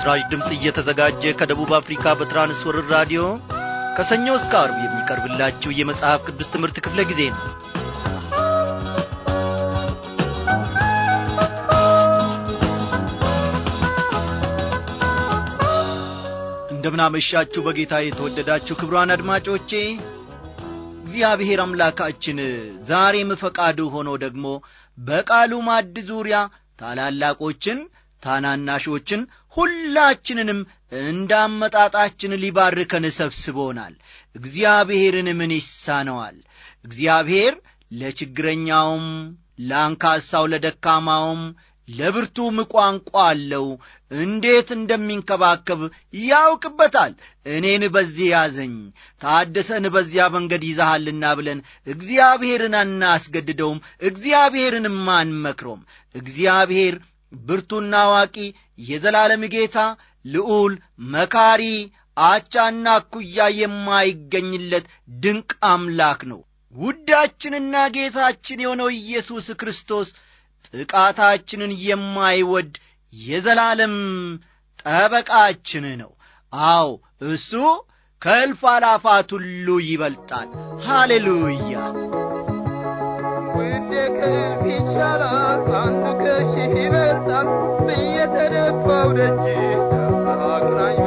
ለምስራች ድምፅ እየተዘጋጀ ከደቡብ አፍሪካ በትራንስወርር ራዲዮ ከሰኞ እስከ አርብ የሚቀርብላችሁ የመጽሐፍ ቅዱስ ትምህርት ክፍለ ጊዜ ነው እንደምናመሻችሁ በጌታ የተወደዳችሁ ክብሯን አድማጮቼ እግዚአብሔር አምላካችን ዛሬም ፈቃዱ ሆኖ ደግሞ በቃሉ ማድ ዙሪያ ታላላቆችን ታናናሾችን ሁላችንንም እንደ አመጣጣችን ሊባርከን ሰብስቦናል። እግዚአብሔርን ምን ይሳነዋል? እግዚአብሔር ለችግረኛውም፣ ለአንካሳው፣ ለደካማውም ለብርቱም ቋንቋ አለው። እንዴት እንደሚንከባከብ ያውቅበታል። እኔን በዚህ ያዘኝ፣ ታደሰን በዚያ መንገድ ይዛሃልና ብለን እግዚአብሔርን አናስገድደውም፣ እግዚአብሔርንም አንመክረውም። እግዚአብሔር ብርቱና አዋቂ የዘላለም ጌታ ልዑል መካሪ አቻና አኩያ የማይገኝለት ድንቅ አምላክ ነው ውዳችንና ጌታችን የሆነው ኢየሱስ ክርስቶስ ጥቃታችንን የማይወድ የዘላለም ጠበቃችን ነው አዎ እሱ ከእልፍ አላፋት ሁሉ ይበልጣል ሃሌሉያ ወደ ከእልፍ ይሻላል ሺህ ይበልጣል ብየተደፋው ደጅ ያሳቅናኝ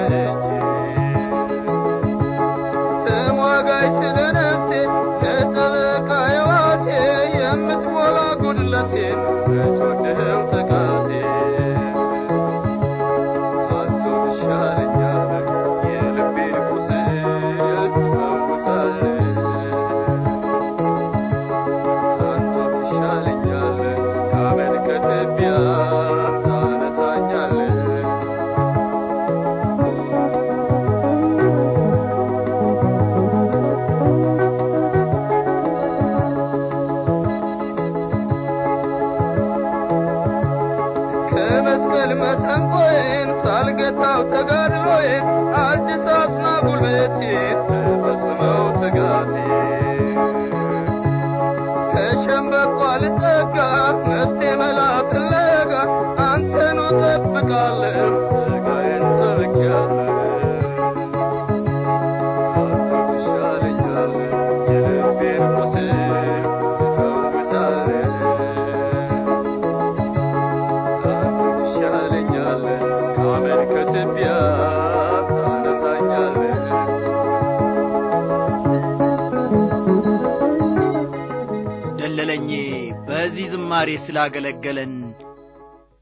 ዛሬ ስላገለገለን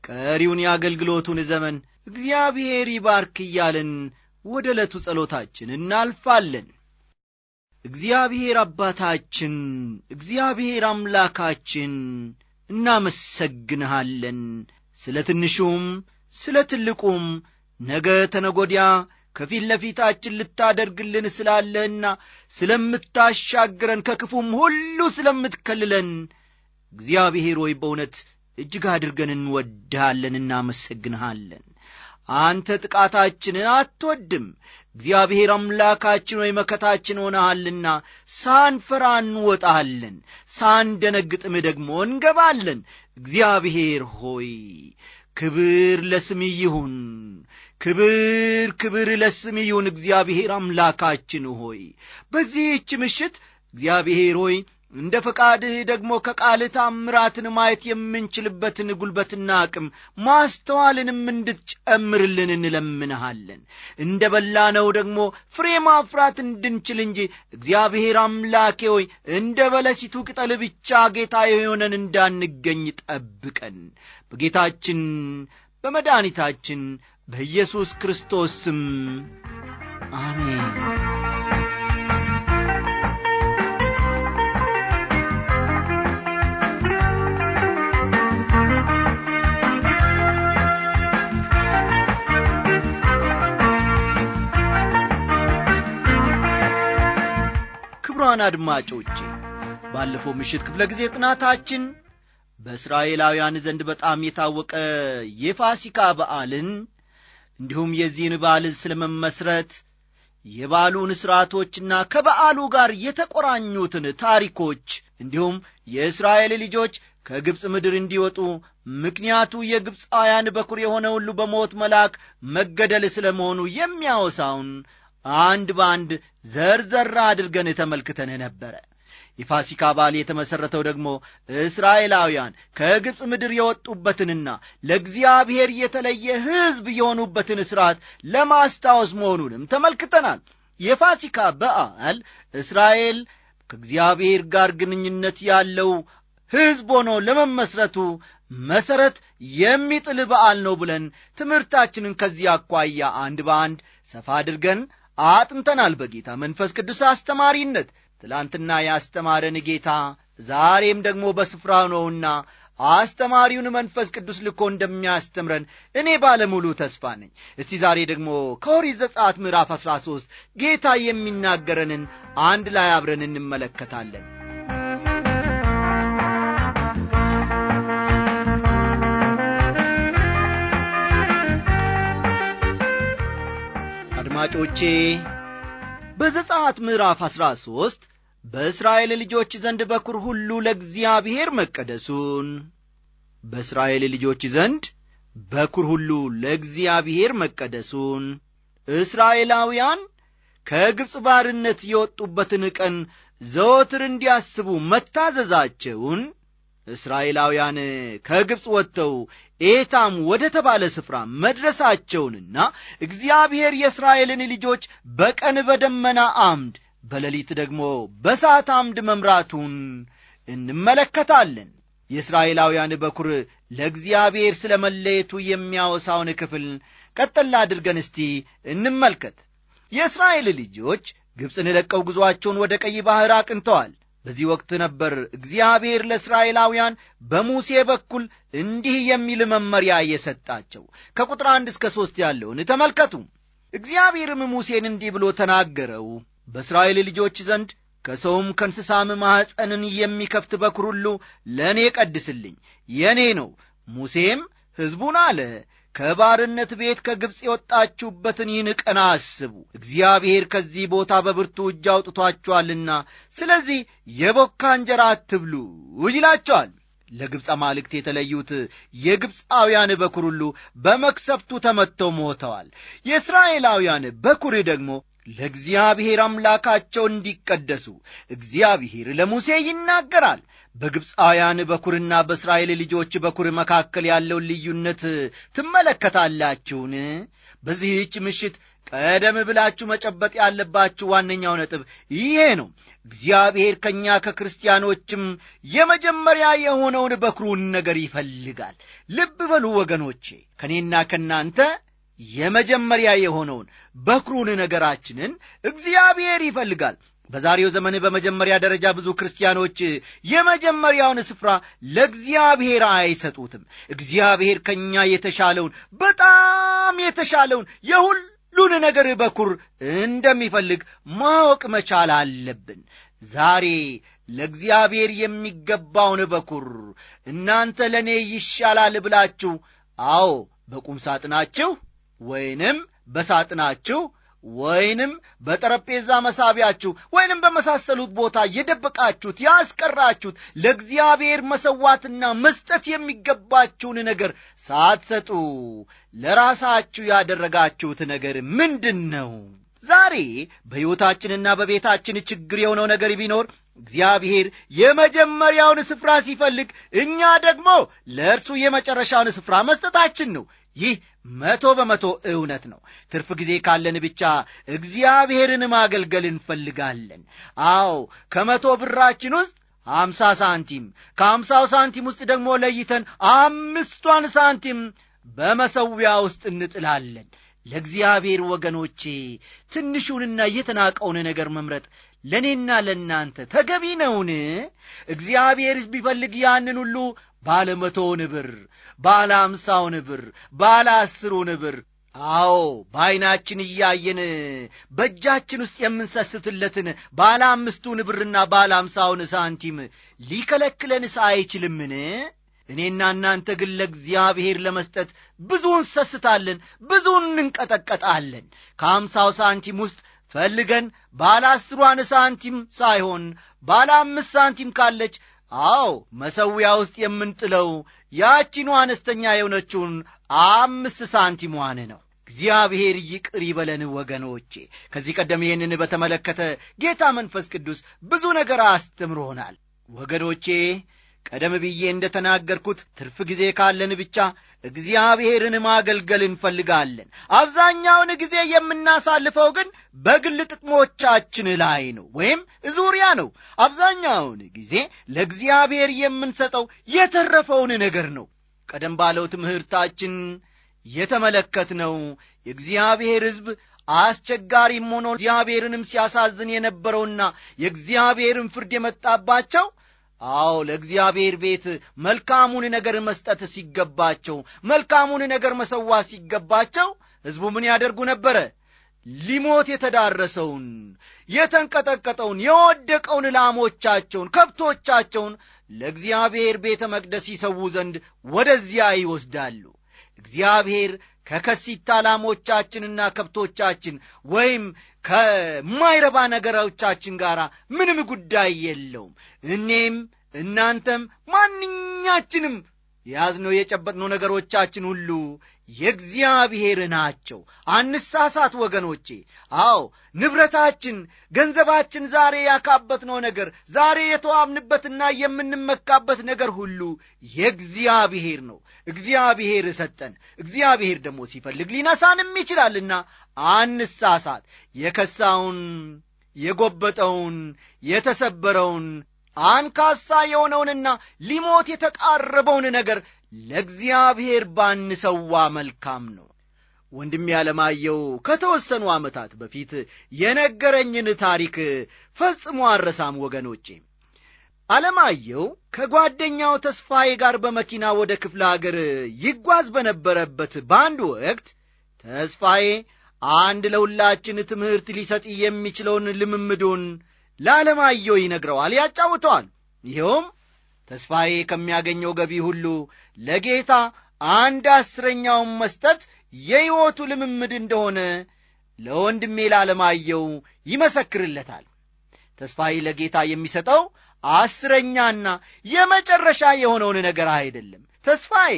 ቀሪውን የአገልግሎቱን ዘመን እግዚአብሔር ይባርክ እያለን ወደ ዕለቱ ጸሎታችን እናልፋለን። እግዚአብሔር አባታችን፣ እግዚአብሔር አምላካችን እናመሰግንሃለን። ስለ ትንሹም ስለ ትልቁም ነገ ተነጎዲያ ከፊት ለፊታችን ልታደርግልን ስላለህና ስለምታሻግረን ከክፉም ሁሉ ስለምትከልለን እግዚአብሔር ሆይ በእውነት እጅግ አድርገን እንወድሃለን፣ እናመሰግንሃለን። አንተ ጥቃታችንን አትወድም። እግዚአብሔር አምላካችን ወይ መከታችን ሆነሃልና ሳንፈራ እንወጣሃለን፣ ሳንደነግጥም ደግሞ እንገባለን። እግዚአብሔር ሆይ ክብር ለስም ይሁን፣ ክብር ክብር ለስም ይሁን። እግዚአብሔር አምላካችን ሆይ በዚህች ምሽት እግዚአብሔር ሆይ እንደ ፈቃድህ ደግሞ ከቃልህ ታምራትን ማየት የምንችልበትን ጉልበትና አቅም ማስተዋልንም እንድትጨምርልን እንለምንሃለን። እንደ በላነው ደግሞ ፍሬ ማፍራት እንድንችል እንጂ እግዚአብሔር አምላኬ ሆይ እንደ በለሲቱ ቅጠል ብቻ ጌታ የሆነን እንዳንገኝ ጠብቀን። በጌታችን በመድኃኒታችን በኢየሱስ ክርስቶስ ስም አሜን። ክቡራን አድማጮቼ ባለፈው ምሽት ክፍለ ጊዜ ጥናታችን በእስራኤላውያን ዘንድ በጣም የታወቀ የፋሲካ በዓልን እንዲሁም የዚህን በዓል ስለ መመስረት የበዓሉን ሥርዓቶችና ከበዓሉ ጋር የተቆራኙትን ታሪኮች እንዲሁም የእስራኤል ልጆች ከግብፅ ምድር እንዲወጡ ምክንያቱ የግብፃውያን በኩር የሆነ ሁሉ በሞት መልአክ መገደል ስለ መሆኑ የሚያወሳውን አንድ በአንድ ዘርዘር አድርገን ተመልክተን ነበረ። የፋሲካ በዓል የተመሠረተው ደግሞ እስራኤላውያን ከግብፅ ምድር የወጡበትንና ለእግዚአብሔር የተለየ ሕዝብ የሆኑበትን ሥርዓት ለማስታወስ መሆኑንም ተመልክተናል። የፋሲካ በዓል እስራኤል ከእግዚአብሔር ጋር ግንኙነት ያለው ሕዝብ ሆኖ ለመመስረቱ መሠረት የሚጥል በዓል ነው ብለን ትምህርታችንን ከዚህ አኳያ አንድ በአንድ ሰፋ አድርገን አጥንተናል። በጌታ መንፈስ ቅዱስ አስተማሪነት ትላንትና ያስተማረን ጌታ ዛሬም ደግሞ በስፍራ ነውና አስተማሪውን መንፈስ ቅዱስ ልኮ እንደሚያስተምረን እኔ ባለሙሉ ተስፋ ነኝ። እስቲ ዛሬ ደግሞ ከኦሪት ዘጸአት ምዕራፍ 13 ጌታ የሚናገረንን አንድ ላይ አብረን እንመለከታለን። አድማጮቼ በዘጸአት ምዕራፍ አሥራ ሦስት በእስራኤል ልጆች ዘንድ በኩር ሁሉ ለእግዚአብሔር መቀደሱን በእስራኤል ልጆች ዘንድ በኩር ሁሉ ለእግዚአብሔር መቀደሱን እስራኤላውያን ከግብፅ ባርነት የወጡበትን ቀን ዘወትር እንዲያስቡ መታዘዛቸውን እስራኤላውያን ከግብፅ ወጥተው ኤታም ወደ ተባለ ስፍራ መድረሳቸውንና እግዚአብሔር የእስራኤልን ልጆች በቀን በደመና አምድ በሌሊት ደግሞ በሰዓት አምድ መምራቱን እንመለከታለን። የእስራኤላውያን በኩር ለእግዚአብሔር ስለ መለየቱ የሚያወሳውን ክፍል ቀጠላ አድርገን እስቲ እንመልከት። የእስራኤል ልጆች ግብፅን ለቀው ጉዞአቸውን ወደ ቀይ ባሕር አቅንተዋል። በዚህ ወቅት ነበር እግዚአብሔር ለእስራኤላውያን በሙሴ በኩል እንዲህ የሚል መመሪያ የሰጣቸው። ከቁጥር አንድ እስከ ሦስት ያለውን ተመልከቱ። እግዚአብሔርም ሙሴን እንዲህ ብሎ ተናገረው። በእስራኤል ልጆች ዘንድ ከሰውም ከእንስሳም ማኅፀንን የሚከፍት በኩር ሁሉ ለእኔ ቀድስልኝ፣ የእኔ ነው። ሙሴም ሕዝቡን አለ ከባርነት ቤት ከግብፅ የወጣችሁበትን ይህን ቀን አስቡ። እግዚአብሔር ከዚህ ቦታ በብርቱ እጅ አውጥቷችኋልና፣ ስለዚህ የቦካ እንጀራ አትብሉ ይላቸዋል። ለግብፅ አማልክት የተለዩት የግብፃውያን በኩር ሁሉ በመክሰፍቱ ተመትተው ሞተዋል። የእስራኤላውያን በኩር ደግሞ ለእግዚአብሔር አምላካቸው እንዲቀደሱ እግዚአብሔር ለሙሴ ይናገራል። በግብፃውያን በኩርና በእስራኤል ልጆች በኩር መካከል ያለውን ልዩነት ትመለከታላችሁን? በዚህች ምሽት ቀደም ብላችሁ መጨበጥ ያለባችሁ ዋነኛው ነጥብ ይሄ ነው። እግዚአብሔር ከእኛ ከክርስቲያኖችም የመጀመሪያ የሆነውን በኩሩን ነገር ይፈልጋል። ልብ በሉ ወገኖቼ፣ ከእኔና ከእናንተ የመጀመሪያ የሆነውን በኩሩን ነገራችንን እግዚአብሔር ይፈልጋል። በዛሬው ዘመን በመጀመሪያ ደረጃ ብዙ ክርስቲያኖች የመጀመሪያውን ስፍራ ለእግዚአብሔር አይሰጡትም። እግዚአብሔር ከእኛ የተሻለውን በጣም የተሻለውን የሁሉን ነገር በኩር እንደሚፈልግ ማወቅ መቻል አለብን። ዛሬ ለእግዚአብሔር የሚገባውን በኩር እናንተ ለእኔ ይሻላል ብላችሁ አዎ በቁም ሳጥናችሁ ወይንም በሳጥናችሁ ወይንም በጠረጴዛ መሳቢያችሁ ወይንም በመሳሰሉት ቦታ የደበቃችሁት ያስቀራችሁት ለእግዚአብሔር መሰዋትና መስጠት የሚገባችሁን ነገር ሳትሰጡ ለራሳችሁ ያደረጋችሁት ነገር ምንድን ነው? ዛሬ በሕይወታችንና በቤታችን ችግር የሆነው ነገር ቢኖር እግዚአብሔር የመጀመሪያውን ስፍራ ሲፈልግ እኛ ደግሞ ለእርሱ የመጨረሻውን ስፍራ መስጠታችን ነው። ይህ መቶ በመቶ እውነት ነው። ትርፍ ጊዜ ካለን ብቻ እግዚአብሔርን ማገልገል እንፈልጋለን። አዎ ከመቶ ብራችን ውስጥ አምሳ ሳንቲም ከአምሳው ሳንቲም ውስጥ ደግሞ ለይተን አምስቷን ሳንቲም በመሰዊያ ውስጥ እንጥላለን። ለእግዚአብሔር ወገኖቼ ትንሹንና የተናቀውን ነገር መምረጥ ለእኔና ለእናንተ ተገቢ ነውን? እግዚአብሔር ቢፈልግ ያንን ሁሉ ባለ መቶውን ብር፣ ባለ አምሳውን ብር፣ ባለ አስሩን ብር አዎ በዐይናችን እያየን በእጃችን ውስጥ የምንሰስትለትን ባለ አምስቱን ብርና ባለ አምሳውን ሳንቲም ሊከለክለንስ አይችልምን? እኔና እናንተ ግን ለእግዚአብሔር ለመስጠት ብዙ ሰስታለን ብዙውን እንቀጠቀጣለን ከአምሳው ሳንቲም ውስጥ ፈልገን ባለ አስሯን ሳንቲም ሳይሆን ባለ አምስት ሳንቲም ካለች አዎ መሠዊያ ውስጥ የምንጥለው ያቺኑ አነስተኛ የሆነችውን አምስት ሳንቲሟን ነው። እግዚአብሔር ይቅር ይበለን ወገኖቼ። ከዚህ ቀደም ይህንን በተመለከተ ጌታ መንፈስ ቅዱስ ብዙ ነገር አስተምሮናል ወገኖቼ ቀደም ብዬ እንደ ተናገርኩት ትርፍ ጊዜ ካለን ብቻ እግዚአብሔርን ማገልገል እንፈልጋለን። አብዛኛውን ጊዜ የምናሳልፈው ግን በግል ጥቅሞቻችን ላይ ነው ወይም ዙሪያ ነው። አብዛኛውን ጊዜ ለእግዚአብሔር የምንሰጠው የተረፈውን ነገር ነው። ቀደም ባለው ትምህርታችን የተመለከትነው የእግዚአብሔር ሕዝብ አስቸጋሪም ሆኖ እግዚአብሔርንም ሲያሳዝን የነበረውና የእግዚአብሔርን ፍርድ የመጣባቸው አዎ ለእግዚአብሔር ቤት መልካሙን ነገር መስጠት ሲገባቸው፣ መልካሙን ነገር መሰዋት ሲገባቸው ሕዝቡ ምን ያደርጉ ነበረ? ሊሞት የተዳረሰውን የተንቀጠቀጠውን የወደቀውን ላሞቻቸውን፣ ከብቶቻቸውን ለእግዚአብሔር ቤተ መቅደስ ይሰዉ ዘንድ ወደዚያ ይወስዳሉ። እግዚአብሔር ከከሲታ ላሞቻችንና ከብቶቻችን ወይም ከማይረባ ነገሮቻችን ጋር ምንም ጉዳይ የለውም። እኔም እናንተም ማንኛችንም የያዝነው የጨበጥነው ነገሮቻችን ሁሉ የእግዚአብሔር ናቸው። አንሳሳት ወገኖቼ። አዎ ንብረታችን፣ ገንዘባችን፣ ዛሬ ያካበትነው ነገር፣ ዛሬ የተዋምንበትና የምንመካበት ነገር ሁሉ የእግዚአብሔር ነው። እግዚአብሔር ሰጠን። እግዚአብሔር ደግሞ ሲፈልግ ሊነሳንም ይችላልና አንሳሳት። የከሳውን የጎበጠውን የተሰበረውን አንካሳ የሆነውንና ሊሞት የተቃረበውን ነገር ለእግዚአብሔር ባንሰዋ መልካም ነው። ወንድም ያለማየው ከተወሰኑ ዓመታት በፊት የነገረኝን ታሪክ ፈጽሞ አረሳም። ወገኖቼ አለማየው ከጓደኛው ተስፋዬ ጋር በመኪና ወደ ክፍለ አገር ይጓዝ በነበረበት በአንድ ወቅት ተስፋዬ አንድ ለሁላችን ትምህርት ሊሰጥ የሚችለውን ልምምዱን ለዓለማየሁ ይነግረዋል፣ ያጫውተዋል። ይኸውም ተስፋዬ ከሚያገኘው ገቢ ሁሉ ለጌታ አንድ አስረኛውን መስጠት የሕይወቱ ልምምድ እንደሆነ ለወንድሜ ላለማየው ይመሰክርለታል። ተስፋዬ ለጌታ የሚሰጠው አስረኛና የመጨረሻ የሆነውን ነገር አይደለም። ተስፋዬ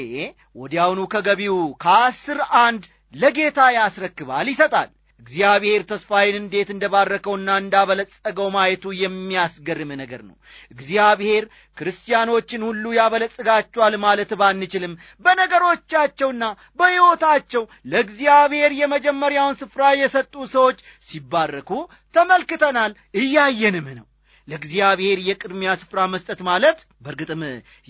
ወዲያውኑ ከገቢው ከአስር አንድ ለጌታ ያስረክባል፣ ይሰጣል። እግዚአብሔር ተስፋዬን እንዴት እንደባረከውና እንዳበለጸገው ማየቱ የሚያስገርም ነገር ነው። እግዚአብሔር ክርስቲያኖችን ሁሉ ያበለጽጋቸዋል ማለት ባንችልም በነገሮቻቸውና በሕይወታቸው ለእግዚአብሔር የመጀመሪያውን ስፍራ የሰጡ ሰዎች ሲባረኩ ተመልክተናል፣ እያየንም ነው። ለእግዚአብሔር የቅድሚያ ስፍራ መስጠት ማለት በእርግጥም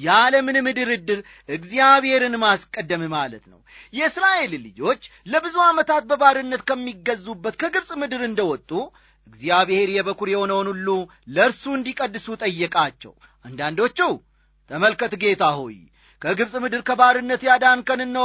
ያለምንም ድርድር እግዚአብሔርን ማስቀደም ማለት ነው። የእስራኤል ልጆች ለብዙ ዓመታት በባርነት ከሚገዙበት ከግብፅ ምድር እንደወጡ እግዚአብሔር የበኩር የሆነውን ሁሉ ለእርሱ እንዲቀድሱ ጠየቃቸው። አንዳንዶቹ ተመልከት ጌታ ሆይ ከግብፅ ምድር ከባርነት ያዳንከንኖ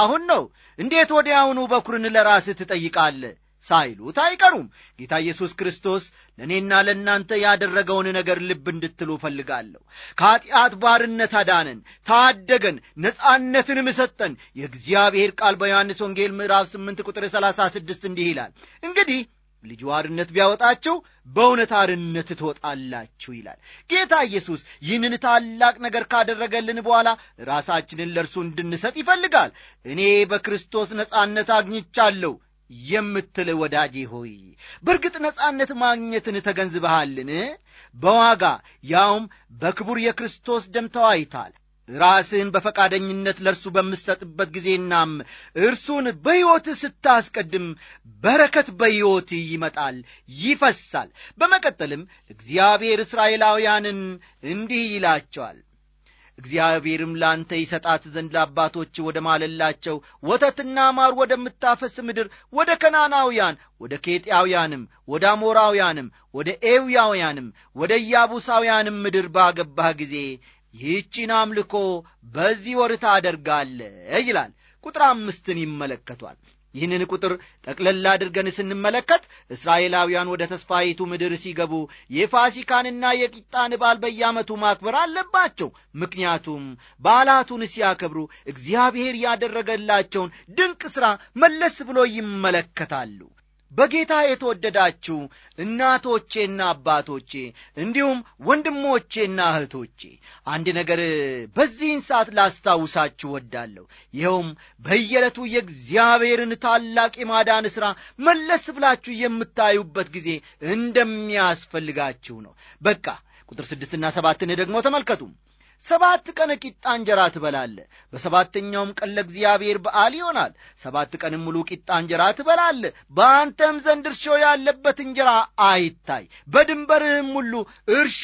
አሁን ነው፣ እንዴት ወዲያውኑ በኩርን ለራስህ ትጠይቃለህ? ሳይሉት አይቀሩም። ጌታ ኢየሱስ ክርስቶስ ለእኔና ለእናንተ ያደረገውን ነገር ልብ እንድትሉ እፈልጋለሁ። ከኀጢአት ባርነት አዳነን፣ ታደገን፣ ነጻነትንም ሰጠን። የእግዚአብሔር ቃል በዮሐንስ ወንጌል ምዕራፍ 8 ቁጥር 36 እንዲህ ይላል፣ እንግዲህ ልጁ አርነት ቢያወጣችሁ በእውነት አርነት ትወጣላችሁ ይላል። ጌታ ኢየሱስ ይህንን ታላቅ ነገር ካደረገልን በኋላ ራሳችንን ለእርሱ እንድንሰጥ ይፈልጋል። እኔ በክርስቶስ ነጻነት አግኝቻለሁ የምትል ወዳጄ ሆይ በእርግጥ ነጻነት ማግኘትን ተገንዝበሃልን? በዋጋ ያውም በክቡር የክርስቶስ ደም ተዋይታል። ራስህን በፈቃደኝነት ለእርሱ በምሰጥበት ጊዜናም እርሱን በሕይወት ስታስቀድም በረከት በሕይወት ይመጣል፣ ይፈሳል። በመቀጠልም እግዚአብሔር እስራኤላውያንን እንዲህ ይላቸዋል እግዚአብሔርም ላንተ ይሰጣት ዘንድ ለአባቶች ወደ ማለላቸው ወተትና ማር ወደምታፈስ ምድር ወደ ከናናውያን ወደ ኬጢያውያንም ወደ አሞራውያንም ወደ ኤውያውያንም ወደ ኢያቡሳውያንም ምድር ባገባህ ጊዜ ይህቺን አምልኮ በዚህ ወር ታደርጋለ ይላል ቁጥር አምስትን ይመለከቷል ይህንን ቁጥር ጠቅለላ አድርገን ስንመለከት እስራኤላውያን ወደ ተስፋዪቱ ምድር ሲገቡ የፋሲካንና የቂጣን በዓል በየዓመቱ ማክበር አለባቸው። ምክንያቱም በዓላቱን ሲያከብሩ እግዚአብሔር ያደረገላቸውን ድንቅ ሥራ መለስ ብሎ ይመለከታሉ። በጌታ የተወደዳችሁ እናቶቼና አባቶቼ እንዲሁም ወንድሞቼና እህቶቼ አንድ ነገር በዚህን ሰዓት ላስታውሳችሁ ወዳለሁ። ይኸውም በየዕለቱ የእግዚአብሔርን ታላቅ የማዳን ሥራ መለስ ብላችሁ የምታዩበት ጊዜ እንደሚያስፈልጋችሁ ነው። በቃ ቁጥር ስድስትና ሰባትን ደግሞ ተመልከቱ። ሰባት ቀን ቂጣ እንጀራ ትበላለ በሰባተኛውም ቀን ለእግዚአብሔር በዓል ይሆናል። ሰባት ቀንም ሙሉ ቂጣ እንጀራ ትበላለህ። በአንተም ዘንድ እርሾ ያለበት እንጀራ አይታይ፣ በድንበርህም ሁሉ እርሾ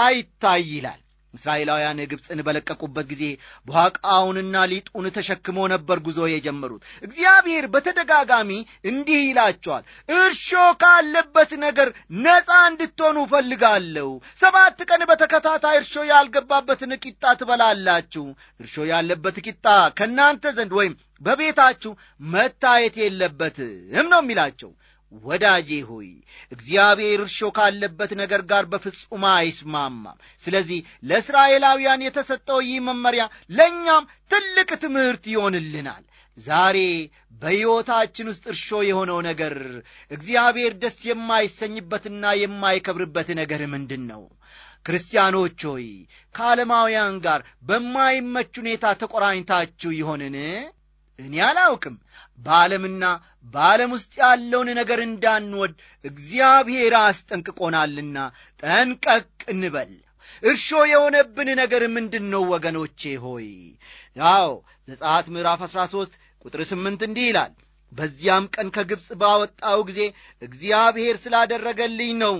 አይታይ ይላል። እስራኤላውያን ግብፅን በለቀቁበት ጊዜ ቧቃውንና ሊጡን ተሸክሞ ነበር ጉዞ የጀመሩት። እግዚአብሔር በተደጋጋሚ እንዲህ ይላቸዋል፣ እርሾ ካለበት ነገር ነፃ እንድትሆኑ እፈልጋለሁ። ሰባት ቀን በተከታታይ እርሾ ያልገባበትን ቂጣ ትበላላችሁ። እርሾ ያለበት ቂጣ ከእናንተ ዘንድ ወይም በቤታችሁ መታየት የለበትም ነው የሚላቸው። ወዳጄ ሆይ እግዚአብሔር እርሾ ካለበት ነገር ጋር በፍጹም አይስማማም። ስለዚህ ለእስራኤላውያን የተሰጠው ይህ መመሪያ ለእኛም ትልቅ ትምህርት ይሆንልናል። ዛሬ በሕይወታችን ውስጥ እርሾ የሆነው ነገር እግዚአብሔር ደስ የማይሰኝበትና የማይከብርበት ነገር ምንድን ነው? ክርስቲያኖች ሆይ ከዓለማውያን ጋር በማይመች ሁኔታ ተቆራኝታችሁ ይሆንን? እኔ አላውቅም። በዓለምና በዓለም ውስጥ ያለውን ነገር እንዳንወድ እግዚአብሔር አስጠንቅቆናልና ጠንቀቅ እንበል። እርሾ የሆነብን ነገር ምንድን ነው ወገኖቼ ሆይ? ያው ዘጸአት ምዕራፍ 13 ቁጥር 8 እንዲህ ይላል፣ በዚያም ቀን ከግብፅ ባወጣው ጊዜ እግዚአብሔር ስላደረገልኝ ነው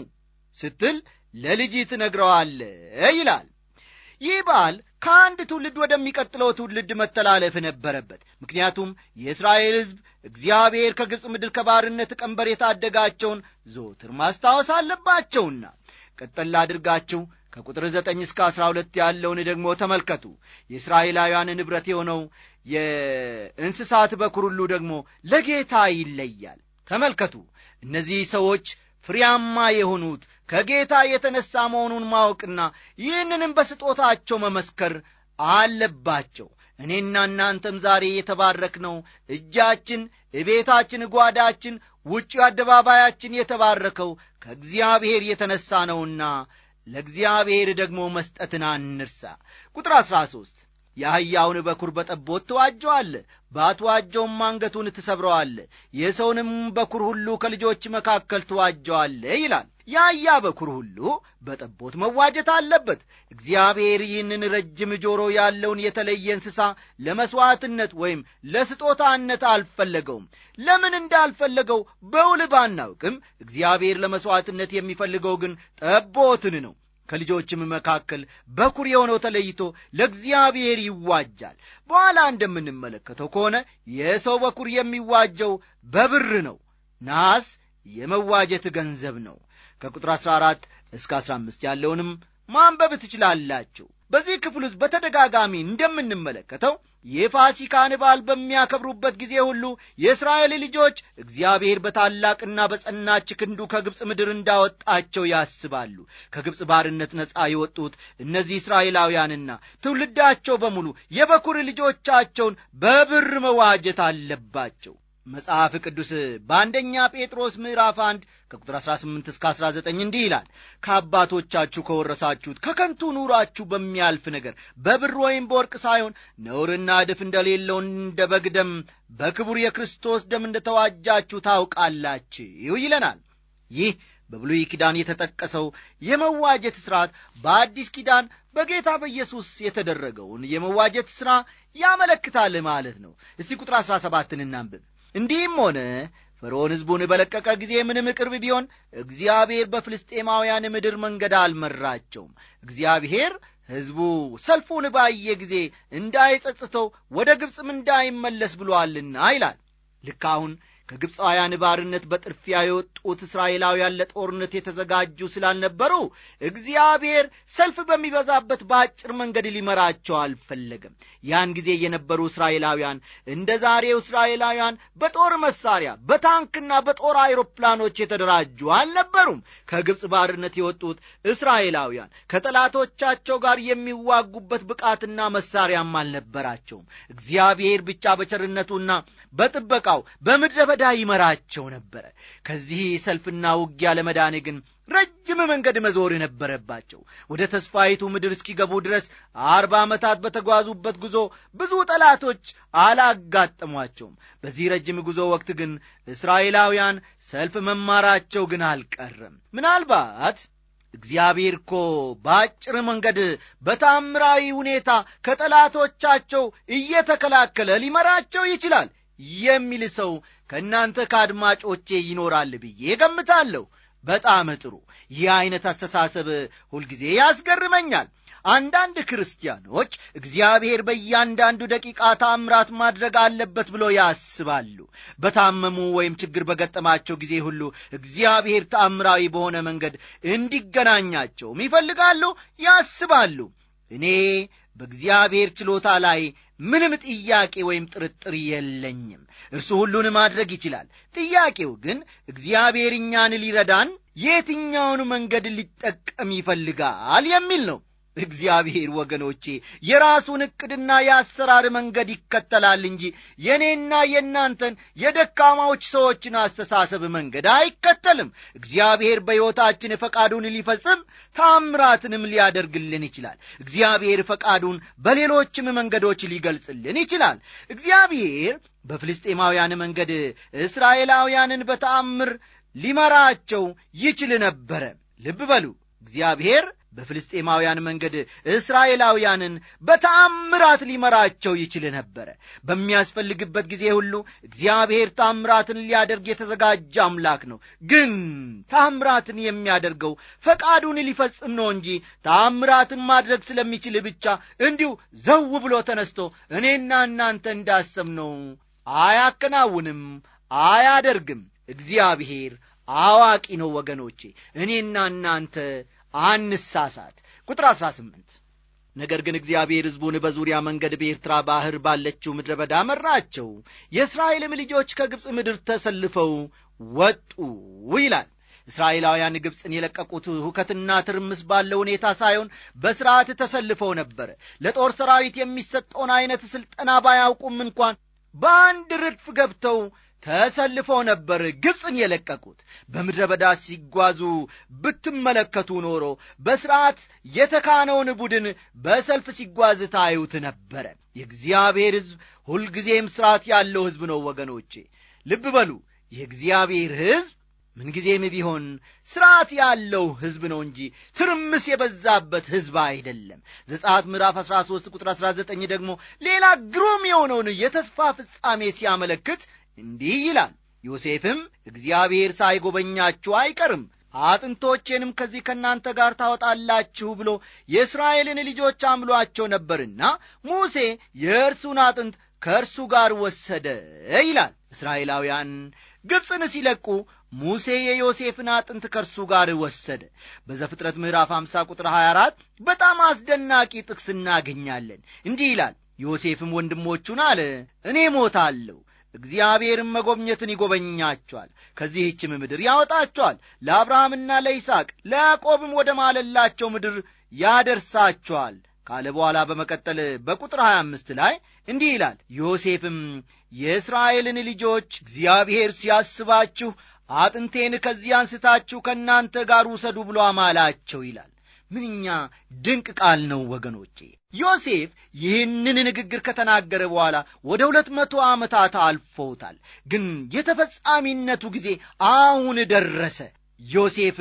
ስትል ለልጅ ትነግረዋለ ይላል። ይህ በዓል ከአንድ ትውልድ ወደሚቀጥለው ትውልድ መተላለፍ ነበረበት። ምክንያቱም የእስራኤል ሕዝብ እግዚአብሔር ከግብፅ ምድር ከባርነት ቀንበር የታደጋቸውን ዘወትር ማስታወስ አለባቸውና። ቀጠል አድርጋችሁ ከቁጥር ዘጠኝ እስከ አሥራ ሁለት ያለውን ደግሞ ተመልከቱ። የእስራኤላውያን ንብረት የሆነው የእንስሳት በኩር ሁሉ ደግሞ ለጌታ ይለያል። ተመልከቱ እነዚህ ሰዎች ፍሬያማ የሆኑት ከጌታ የተነሳ መሆኑን ማወቅና ይህንንም በስጦታቸው መመስከር አለባቸው። እኔና እናንተም ዛሬ የተባረክነው እጃችን፣ እቤታችን፣ ጓዳችን፣ ውጪ አደባባያችን የተባረከው ከእግዚአብሔር የተነሳ ነውና ለእግዚአብሔር ደግሞ መስጠትን አንርሳ። ቁጥር 13 የአህያውን በኩር በጠቦት ተዋጀዋለ በአትዋጀውም አንገቱን ትሰብረዋለ፣ የሰውንም በኩር ሁሉ ከልጆች መካከል ትዋጀዋለ ይላል። ያያ በኩር ሁሉ በጠቦት መዋጀት አለበት። እግዚአብሔር ይህንን ረጅም ጆሮ ያለውን የተለየ እንስሳ ለመሥዋዕትነት ወይም ለስጦታነት አልፈለገውም። ለምን እንዳልፈለገው በውል ባናውቅም፣ እግዚአብሔር ለመሥዋዕትነት የሚፈልገው ግን ጠቦትን ነው። ከልጆችም መካከል በኩር የሆነው ተለይቶ ለእግዚአብሔር ይዋጃል። በኋላ እንደምንመለከተው ከሆነ የሰው በኩር የሚዋጀው በብር ነው። ናስ የመዋጀት ገንዘብ ነው። ከቁጥር 14 እስከ 15 ያለውንም ማንበብ ትችላላችሁ። በዚህ ክፍል ውስጥ በተደጋጋሚ እንደምንመለከተው የፋሲካን በዓል በሚያከብሩበት ጊዜ ሁሉ የእስራኤል ልጆች እግዚአብሔር በታላቅና በጸናች ክንዱ ከግብፅ ምድር እንዳወጣቸው ያስባሉ። ከግብፅ ባርነት ነፃ የወጡት እነዚህ እስራኤላውያንና ትውልዳቸው በሙሉ የበኩር ልጆቻቸውን በብር መዋጀት አለባቸው። መጽሐፍ ቅዱስ በአንደኛ ጴጥሮስ ምዕራፍ 1 ከቁጥር 18 እስከ 19 እንዲህ ይላል፣ ከአባቶቻችሁ ከወረሳችሁት ከከንቱ ኑሯችሁ በሚያልፍ ነገር በብር ወይም በወርቅ ሳይሆን ነውርና እድፍ እንደሌለው እንደ በግ ደም በክቡር የክርስቶስ ደም እንደተዋጃችሁ ታውቃላችሁ ይለናል። ይህ በብሉይ ኪዳን የተጠቀሰው የመዋጀት ሥርዓት በአዲስ ኪዳን በጌታ በኢየሱስ የተደረገውን የመዋጀት ሥራ ያመለክታል ማለት ነው። እስቲ ቁጥር 17 እናንብብ። እንዲህም ሆነ ፈርዖን ሕዝቡን በለቀቀ ጊዜ ምንም ቅርብ ቢሆን እግዚአብሔር በፍልስጤማውያን ምድር መንገድ አልመራቸውም። እግዚአብሔር ሕዝቡ ሰልፉን ባየ ጊዜ እንዳይጸጽተው ወደ ግብፅም እንዳይመለስ ብሎአልና ይላል። ልክ አሁን ከግብፃውያን ባርነት በጥርፊያ የወጡት እስራኤላውያን ለጦርነት የተዘጋጁ ስላልነበሩ እግዚአብሔር ሰልፍ በሚበዛበት በአጭር መንገድ ሊመራቸው አልፈለገም። ያን ጊዜ የነበሩ እስራኤላውያን እንደ ዛሬው እስራኤላውያን በጦር መሳሪያ፣ በታንክና በጦር አይሮፕላኖች የተደራጁ አልነበሩም። ከግብፅ ባርነት የወጡት እስራኤላውያን ከጠላቶቻቸው ጋር የሚዋጉበት ብቃትና መሳሪያም አልነበራቸውም። እግዚአብሔር ብቻ በቸርነቱና በጥበቃው በምድረ በዳ ይመራቸው ነበረ። ከዚህ ሰልፍና ውጊያ ለመዳን ግን ረጅም መንገድ መዞር የነበረባቸው ወደ ተስፋይቱ ምድር እስኪገቡ ድረስ አርባ ዓመታት በተጓዙበት ጉዞ ብዙ ጠላቶች አላጋጠሟቸውም። በዚህ ረጅም ጉዞ ወቅት ግን እስራኤላውያን ሰልፍ መማራቸው ግን አልቀረም። ምናልባት እግዚአብሔር እኮ በአጭር መንገድ በታምራዊ ሁኔታ ከጠላቶቻቸው እየተከላከለ ሊመራቸው ይችላል የሚል ሰው ከእናንተ ከአድማጮቼ ይኖራል ብዬ እገምታለሁ። በጣም ጥሩ። ይህ ዐይነት አስተሳሰብ ሁልጊዜ ያስገርመኛል። አንዳንድ ክርስቲያኖች እግዚአብሔር በእያንዳንዱ ደቂቃ ታምራት ማድረግ አለበት ብሎ ያስባሉ። በታመሙ ወይም ችግር በገጠማቸው ጊዜ ሁሉ እግዚአብሔር ታምራዊ በሆነ መንገድ እንዲገናኛቸውም ይፈልጋሉ፣ ያስባሉ። እኔ በእግዚአብሔር ችሎታ ላይ ምንም ጥያቄ ወይም ጥርጥር የለኝም። እርሱ ሁሉን ማድረግ ይችላል። ጥያቄው ግን እግዚአብሔር እኛን ሊረዳን የትኛውን መንገድ ሊጠቀም ይፈልጋል የሚል ነው። እግዚአብሔር ወገኖቼ የራሱን ዕቅድና የአሰራር መንገድ ይከተላል እንጂ የእኔና የእናንተን የደካማዎች ሰዎችን አስተሳሰብ መንገድ አይከተልም። እግዚአብሔር በሕይወታችን ፈቃዱን ሊፈጽም ታምራትንም ሊያደርግልን ይችላል። እግዚአብሔር ፈቃዱን በሌሎችም መንገዶች ሊገልጽልን ይችላል። እግዚአብሔር በፍልስጤማውያን መንገድ እስራኤላውያንን በተአምር ሊመራቸው ይችል ነበረ። ልብ በሉ እግዚአብሔር በፍልስጤማውያን መንገድ እስራኤላውያንን በታምራት ሊመራቸው ይችል ነበረ። በሚያስፈልግበት ጊዜ ሁሉ እግዚአብሔር ታምራትን ሊያደርግ የተዘጋጀ አምላክ ነው። ግን ታምራትን የሚያደርገው ፈቃዱን ሊፈጽም ነው እንጂ ታምራትን ማድረግ ስለሚችል ብቻ እንዲሁ ዘው ብሎ ተነስቶ እኔና እናንተ ነው አያከናውንም፣ አያደርግም። እግዚአብሔር አዋቂ ነው ወገኖቼ። እኔና እናንተ አንሳሳት። ቁጥር 18 ነገር ግን እግዚአብሔር ሕዝቡን በዙሪያ መንገድ በኤርትራ ባሕር ባለችው ምድረ በዳ መራቸው፣ የእስራኤልም ልጆች ከግብፅ ምድር ተሰልፈው ወጡ ይላል። እስራኤላውያን ግብፅን የለቀቁት ሁከትና ትርምስ ባለው ሁኔታ ሳይሆን በሥርዓት ተሰልፈው ነበር። ለጦር ሰራዊት የሚሰጠውን ዐይነት ሥልጠና ባያውቁም እንኳን በአንድ ረድፍ ገብተው ተሰልፈው ነበር ግብፅን የለቀቁት። በምድረ በዳ ሲጓዙ ብትመለከቱ ኖሮ በሥርዓት የተካነውን ቡድን በሰልፍ ሲጓዝ ታዩት ነበረ። የእግዚአብሔር ሕዝብ ሁልጊዜም ሥርዓት ያለው ሕዝብ ነው። ወገኖቼ ልብ በሉ፣ የእግዚአብሔር ሕዝብ ምንጊዜም ቢሆን ስርዓት ያለው ሕዝብ ነው እንጂ ትርምስ የበዛበት ሕዝብ አይደለም። ዘጸአት ምዕራፍ 13 ቁጥር 19 ደግሞ ሌላ ግሩም የሆነውን የተስፋ ፍጻሜ ሲያመለክት እንዲህ ይላል፣ ዮሴፍም እግዚአብሔር ሳይጎበኛችሁ አይቀርም አጥንቶቼንም ከዚህ ከእናንተ ጋር ታወጣላችሁ ብሎ የእስራኤልን ልጆች አምሏቸው ነበርና ሙሴ የእርሱን አጥንት ከእርሱ ጋር ወሰደ ይላል። እስራኤላውያን ግብፅን ሲለቁ ሙሴ የዮሴፍን አጥንት ከእርሱ ጋር ወሰደ። በዘፍጥረት ምዕራፍ 50 ቁጥር 24 በጣም አስደናቂ ጥቅስ እናገኛለን። እንዲህ ይላል፣ ዮሴፍም ወንድሞቹን አለ እኔ ሞታለሁ እግዚአብሔርም መጎብኘትን ይጎበኛቸዋል፣ ከዚህችም ምድር ያወጣቸዋል፣ ለአብርሃምና ለይስሐቅ ለያዕቆብም ወደ ማለላቸው ምድር ያደርሳቸዋል ካለ በኋላ በመቀጠል በቁጥር 25 ላይ እንዲህ ይላል፣ ዮሴፍም የእስራኤልን ልጆች እግዚአብሔር ሲያስባችሁ አጥንቴን ከዚህ አንስታችሁ ከእናንተ ጋር ውሰዱ ብሎ አማላቸው ይላል። ምንኛ ድንቅ ቃል ነው ወገኖቼ። ዮሴፍ ይህንን ንግግር ከተናገረ በኋላ ወደ ሁለት መቶ ዓመታት አልፈውታል። ግን የተፈጻሚነቱ ጊዜ አሁን ደረሰ። ዮሴፍ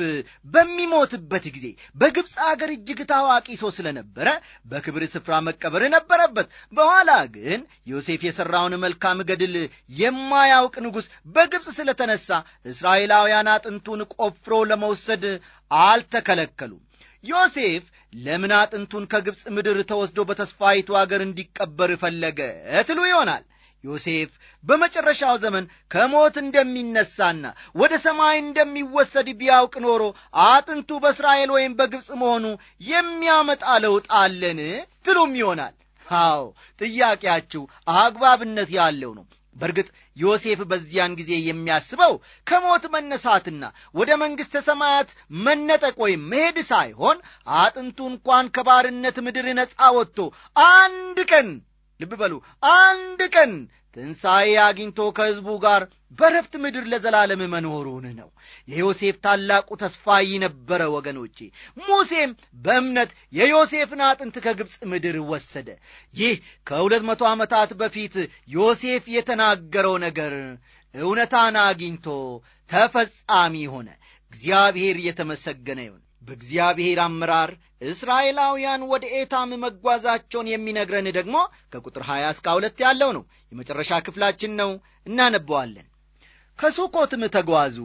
በሚሞትበት ጊዜ በግብፅ አገር እጅግ ታዋቂ ሰው ስለነበረ በክብር ስፍራ መቀበር ነበረበት። በኋላ ግን ዮሴፍ የሠራውን መልካም ገድል የማያውቅ ንጉሥ በግብፅ ስለተነሳ እስራኤላውያን አጥንቱን ቆፍሮ ለመውሰድ አልተከለከሉም። ዮሴፍ ለምን አጥንቱን ከግብፅ ምድር ተወስዶ በተስፋይቱ አገር እንዲቀበር ፈለገ ትሉ ይሆናል። ዮሴፍ በመጨረሻው ዘመን ከሞት እንደሚነሳና ወደ ሰማይ እንደሚወሰድ ቢያውቅ ኖሮ አጥንቱ በእስራኤል ወይም በግብፅ መሆኑ የሚያመጣ ለውጥ አለን ትሉም ይሆናል። አዎ ጥያቄያችሁ አግባብነት ያለው ነው። በእርግጥ ዮሴፍ በዚያን ጊዜ የሚያስበው ከሞት መነሳትና ወደ መንግሥተ ሰማያት መነጠቅ ወይም መሄድ ሳይሆን አጥንቱ እንኳን ከባርነት ምድር ነፃ ወጥቶ አንድ ቀን ልብ በሉ አንድ ቀን ትንሣኤ አግኝቶ ከሕዝቡ ጋር በረፍት ምድር ለዘላለም መኖሩን ነው የዮሴፍ ታላቁ ተስፋ ይነበረ። ወገኖቼ ሙሴም በእምነት የዮሴፍን አጥንት ከግብፅ ምድር ወሰደ። ይህ ከሁለት መቶ ዓመታት በፊት ዮሴፍ የተናገረው ነገር እውነታን አግኝቶ ተፈጻሚ ሆነ። እግዚአብሔር የተመሰገነ ይሁን። በእግዚአብሔር አመራር እስራኤላውያን ወደ ኤታም መጓዛቸውን የሚነግረን ደግሞ ከቁጥር 20 እስከ 2 ያለው ነው የመጨረሻ ክፍላችን ነው እናነበዋለን ከሱቆትም ተጓዙ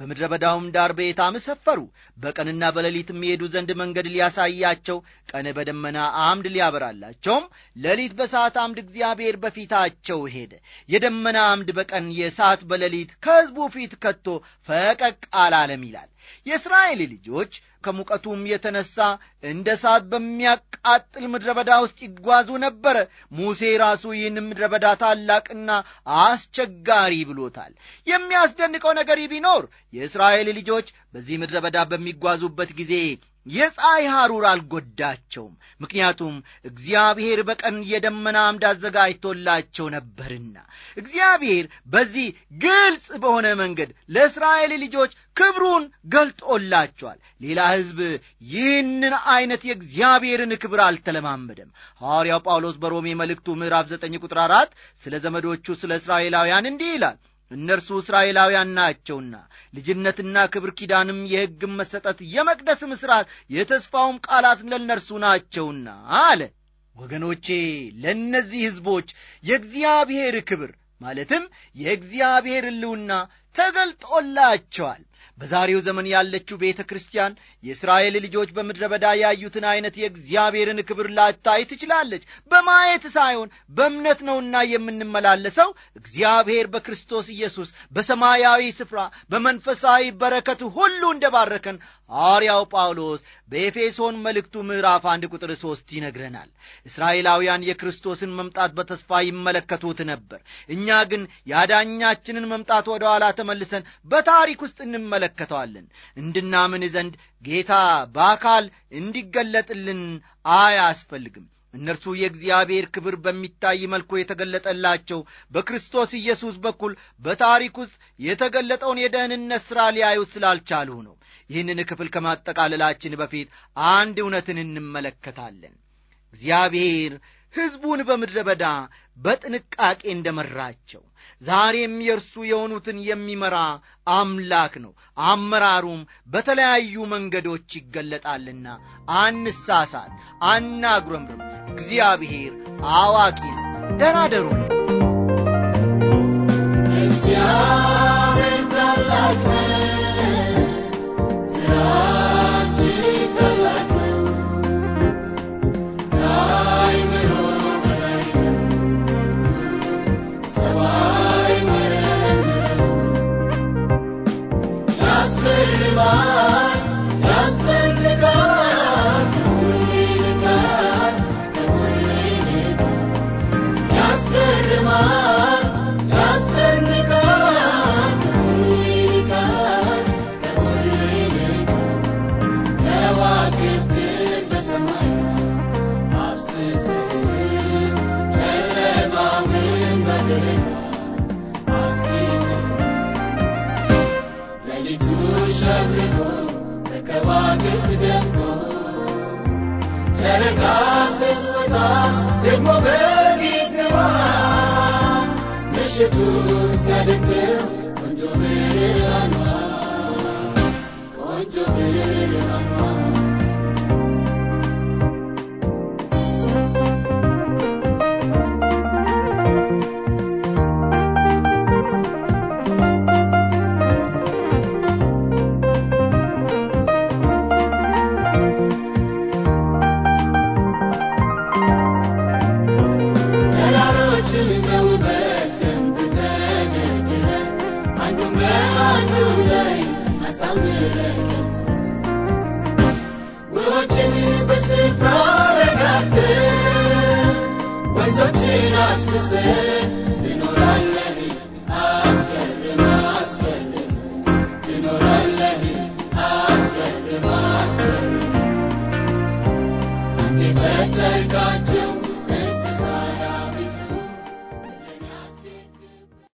በምድረ በዳውም ዳር በኤታም ሰፈሩ በቀንና በሌሊት የሚሄዱ ዘንድ መንገድ ሊያሳያቸው ቀን በደመና አምድ ሊያበራላቸውም ሌሊት በሰዓት አምድ እግዚአብሔር በፊታቸው ሄደ የደመና አምድ በቀን የሰዓት በሌሊት ከሕዝቡ ፊት ከቶ ፈቀቅ አላለም ይላል የእስራኤል ልጆች ከሙቀቱም የተነሳ እንደ ሳት በሚያቃጥል ምድረ በዳ ውስጥ ይጓዙ ነበረ። ሙሴ ራሱ ይህን ምድረ በዳ ታላቅና አስቸጋሪ ብሎታል። የሚያስደንቀው ነገር ቢኖር የእስራኤል ልጆች በዚህ ምድረ በዳ በሚጓዙበት ጊዜ የፀሐይ ሐሩር አልጎዳቸውም፣ ምክንያቱም እግዚአብሔር በቀን የደመና አምድ አዘጋጅቶላቸው ነበርና። እግዚአብሔር በዚህ ግልጽ በሆነ መንገድ ለእስራኤል ልጆች ክብሩን ገልጦላቸዋል። ሌላ ሕዝብ ይህንን ዐይነት የእግዚአብሔርን ክብር አልተለማመደም። ሐዋርያው ጳውሎስ በሮሜ መልእክቱ ምዕራፍ 9 ቁጥር 4 ስለ ዘመዶቹ ስለ እስራኤላውያን እንዲህ ይላል እነርሱ እስራኤላውያን ናቸውና ልጅነትና ክብር ኪዳንም የሕግም መሰጠት የመቅደስም ሥርዓት የተስፋውም ቃላት ለእነርሱ ናቸውና አለ ወገኖቼ ለእነዚህ ሕዝቦች የእግዚአብሔር ክብር ማለትም የእግዚአብሔር ልውና ተገልጦላቸዋል በዛሬው ዘመን ያለችው ቤተ ክርስቲያን የእስራኤል ልጆች በምድረ በዳ ያዩትን አይነት የእግዚአብሔርን ክብር ላታይ ትችላለች። በማየት ሳይሆን በእምነት ነውና የምንመላለሰው። እግዚአብሔር በክርስቶስ ኢየሱስ በሰማያዊ ስፍራ በመንፈሳዊ በረከት ሁሉ እንደባረከን አርያው ጳውሎስ በኤፌሶን መልእክቱ ምዕራፍ አንድ ቁጥር ሦስት ይነግረናል። እስራኤላውያን የክርስቶስን መምጣት በተስፋ ይመለከቱት ነበር። እኛ ግን የአዳኛችንን መምጣት ወደ ኋላ ተመልሰን በታሪክ ውስጥ እንመ እንመለከተዋለን። እንድናምን ዘንድ ጌታ በአካል እንዲገለጥልን አያስፈልግም። እነርሱ የእግዚአብሔር ክብር በሚታይ መልኩ የተገለጠላቸው በክርስቶስ ኢየሱስ በኩል በታሪክ ውስጥ የተገለጠውን የደህንነት ሥራ ሊያዩት ስላልቻሉ ነው። ይህንን ክፍል ከማጠቃለላችን በፊት አንድ እውነትን እንመለከታለን። እግዚአብሔር ሕዝቡን በምድረ በዳ በጥንቃቄ እንደመራቸው ዛሬም የእርሱ የሆኑትን የሚመራ አምላክ ነው። አመራሩም በተለያዩ መንገዶች ይገለጣልና አንሳሳት፣ አናጉረምርም። እግዚአብሔር አዋቂ ነው። ደራደሩልን።